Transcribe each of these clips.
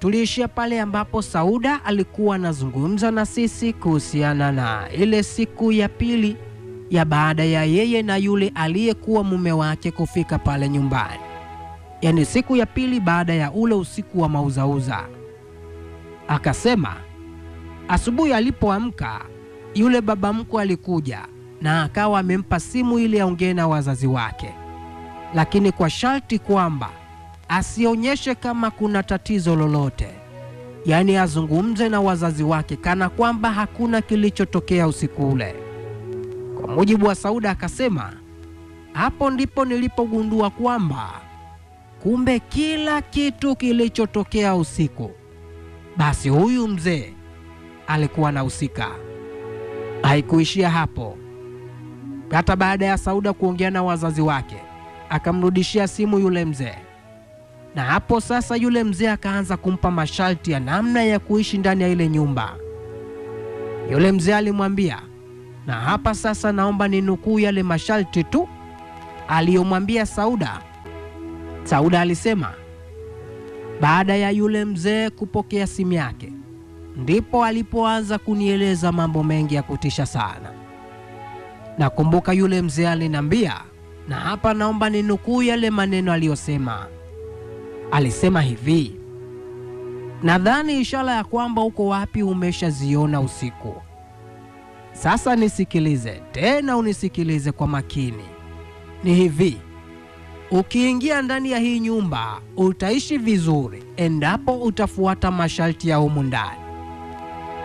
Tuliishia pale ambapo Sauda alikuwa anazungumza na sisi kuhusiana na ile siku ya pili ya baada ya yeye na yule aliyekuwa mume wake kufika pale nyumbani, yaani siku ya pili baada ya ule usiku wa mauzauza. Akasema asubuhi alipoamka yule baba mkwe alikuja na akawa amempa simu ili aongee na wazazi wake, lakini kwa sharti kwamba asionyeshe kama kuna tatizo lolote, yaani azungumze na wazazi wake kana kwamba hakuna kilichotokea usiku ule. Kwa mujibu wa Sauda akasema, hapo ndipo nilipogundua kwamba kumbe kila kitu kilichotokea usiku, basi huyu mzee alikuwa anahusika. Haikuishia hapo. Hata baada ya Sauda kuongea na wazazi wake, akamrudishia simu yule mzee na hapo sasa yule mzee akaanza kumpa masharti ya namna ya kuishi ndani ya ile nyumba. Yule mzee alimwambia, na hapa sasa naomba ninukuu yale masharti tu aliyomwambia Sauda. Sauda alisema, baada ya yule mzee kupokea simu yake, ndipo alipoanza kunieleza mambo mengi ya kutisha sana. Nakumbuka yule mzee aliniambia, na hapa naomba ninukuu yale maneno aliyosema alisema hivi: nadhani ishara ya kwamba uko wapi umeshaziona usiku. Sasa nisikilize tena, unisikilize kwa makini. Ni hivi, ukiingia ndani ya hii nyumba utaishi vizuri endapo utafuata masharti ya humu ndani,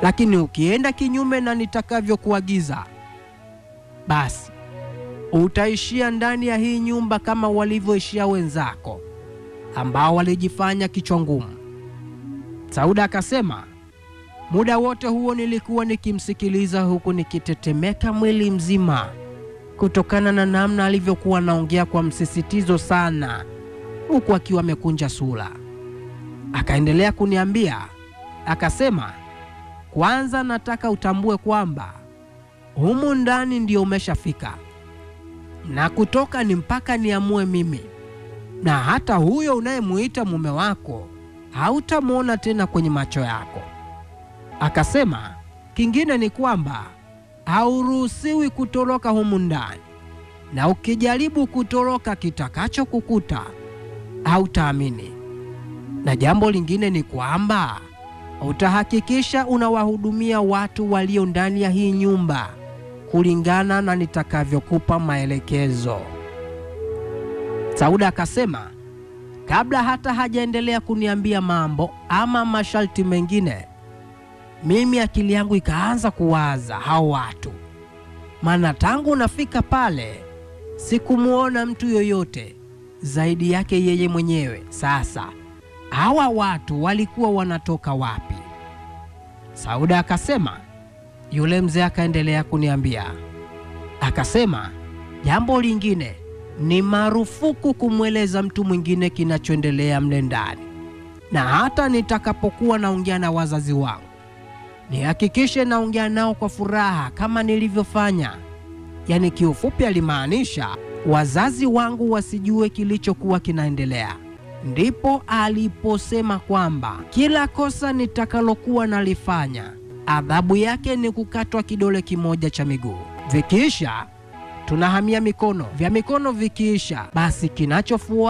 lakini ukienda kinyume na nitakavyokuagiza, basi utaishia ndani ya hii nyumba kama walivyoishia wenzako ambao walijifanya kichwa ngumu. Sauda akasema, muda wote huo nilikuwa nikimsikiliza huku nikitetemeka mwili mzima kutokana na namna alivyokuwa anaongea kwa msisitizo sana, huku akiwa amekunja sura. Akaendelea kuniambia akasema, kwanza nataka utambue kwamba humu ndani ndio umeshafika na kutoka ni mpaka niamue mimi na hata huyo unayemuita mume wako hautamwona tena kwenye macho yako. Akasema kingine ni kwamba hauruhusiwi kutoroka humu ndani, na ukijaribu kutoroka, kitakachokukuta hautaamini. Na jambo lingine ni kwamba utahakikisha unawahudumia watu walio ndani ya hii nyumba kulingana na nitakavyokupa maelekezo. Sauda akasema kabla hata hajaendelea kuniambia mambo ama masharti mengine, mimi akili yangu ikaanza kuwaza hao watu, maana tangu nafika pale sikumuona mtu yoyote zaidi yake yeye mwenyewe. Sasa hawa watu walikuwa wanatoka wapi? Sauda akasema, yule mzee akaendelea kuniambia akasema, jambo lingine ni marufuku kumweleza mtu mwingine kinachoendelea mle ndani, na hata nitakapokuwa naongea na wazazi wangu nihakikishe naongea nao kwa furaha kama nilivyofanya. Yaani kiufupi, alimaanisha wazazi wangu wasijue kilichokuwa kinaendelea. Ndipo aliposema kwamba kila kosa nitakalokuwa nalifanya adhabu yake ni kukatwa kidole kimoja cha miguu. Vikiisha tunahamia mikono. Vya mikono vikiisha, basi kinachofuata